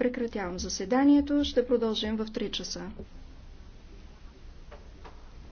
Прекратявам заседанието. Ще продължим в 3 часа.